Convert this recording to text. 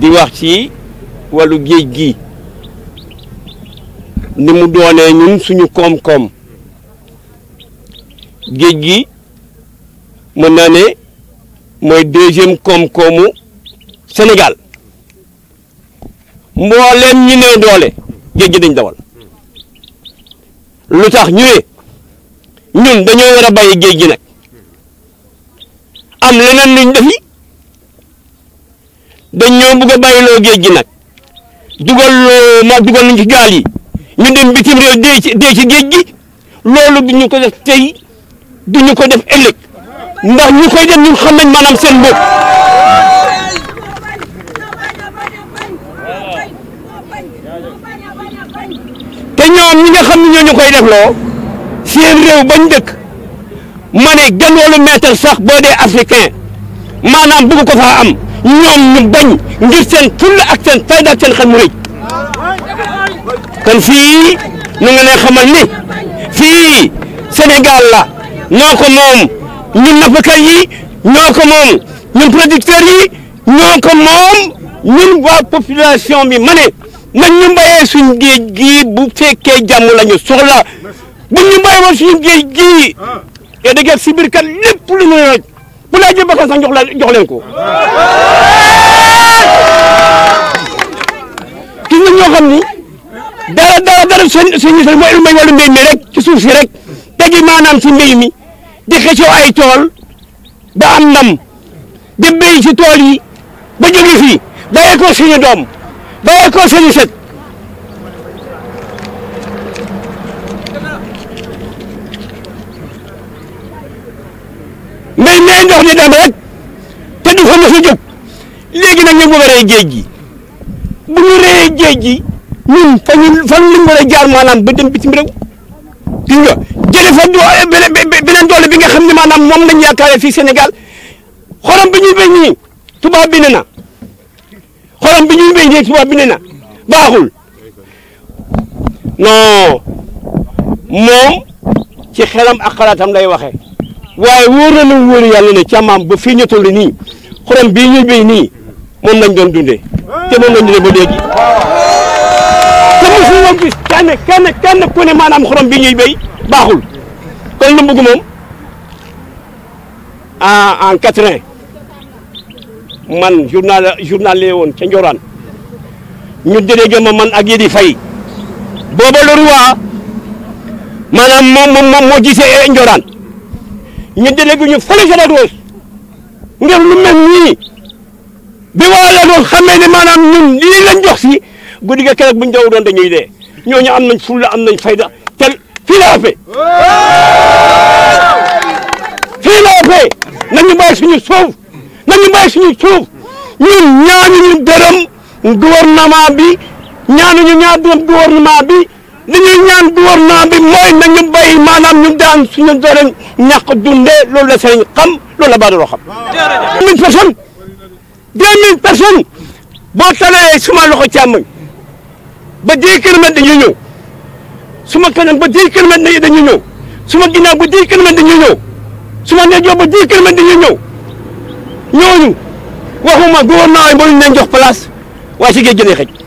di wax ci wàllu géej gi ni mu doonee ñun suñu koom-koom géej gi mën naa ne mooy deuxième koom-koomu Sénégal mbooleem ñi néew doole géej gi dañ dawal lu tax ñu ne ñun dañoo war a bàyyi géej gi nag am leneen luñ defi dañ ñoo bugg a bàyyiloo géej gi nag dugal ma dugal nañ ci gaal yi ñu dem bitim réew dee ci dee ci géej gi loolu du ñu ko def tey du ñu ko def ëllëg ndax ñu koy def ñun xam nañ maanaam seen bopp te ñoom ñi nga xam ne ñoo ñu koy def loo seen réew bañ dëkk ma ne gan wala mètre sax boo dee africain maanaam bëgg ko faa am. ñoom ñu bañ ngir seen fulla ak seen fayda ak seen xel mu rëy kon fii nu nga leen xamal ni fii Sénégal la ñoo ko moom ñun nappkat yi ñoo ko moom ñun producteurs yi ñoo ko moom ñun waa population bi ma ne nañ ñu mbayee suñ géej gii bu fekkee jàmm la ñu soxla bu ñu mbay woon suñu géej gii ah. et dëgg si biir kat lépp lu ñu bu laajee bakkan sax jox la jox leen ko. gis nga ñoo xam ni dara dara dara seen seen yu seen mooy lu may wàllu mi rek ci suuf si rek tegi maanaam si mbéy mi di xëccoo ay tool ba am ndam di béy si tool yi ba jóge fii bàyyi ko seen i doom bàyyi ko seen dox ne daan rek te du fa mos a jóg léegi nag ñu bëgg a rey géej gi bu ñu reyee géej gi ñun fa ñu fan lañ jaar maanaam ba dem bitim réew gis nga jëlee fa doole eh, beneen doole bi nga xam ne maanaam moom lañ yaakaaree fii Sénégal xorom bi ñuy tubaab bi ne na xorom bi ñuy béy bi ne na baaxul non moom ci xelam ak xalaatam lay waxee. waye wóor na lu wóor yàlla ne chamam bu ba fii ni toll bi ñu bi ni mon lañ doon dundé té mon lañ dundé ba légui léegi mu mosu wax gis kenn kenn kenn ku ne manam xorom bi ñuy béy baaxul kon lu bëgg mom en en quatre man journal journalier woon ci Ndiorane ñu dédé ma man ak yidi di fay booba le roi manam moom moo mo gisé Ndiorane ñu délégué ñu fële ca Lac ngir lu mel nii bi waa la doon xamee ne maanaam ñun lii lañ jox si guddi ga keroog buñ daw doon dañuy dee am nañ fulla am nañ fayda tel fii la ëppee fii la ëppee nañu bàyyi suñu suuf nañu bàyyi suuf ñun ñaanuñu dërëm gouvernement bi ñaanuñu ñaar dërëm gouvernement ni ñu ñaan gouvernement bi mooy na ñu béy maanaam ñu daan suñu doole ñàkk dundee loolu seen xam loolu la baadooloo xam. deux mille personnes deux mille personnes boo talee suma loxo càmmoñ ba dix kilomètres dañuy ñëw suma kanam ba dix kilomètres dañuy ñëw suma ginnaaw ba dix kilomètres dañuy ñëw suma ndeyjoor ba dix kilomètres dañuy ñëw ñooñu waxuma gouvernement yi mënuñ leen jox place waa si géej gi lay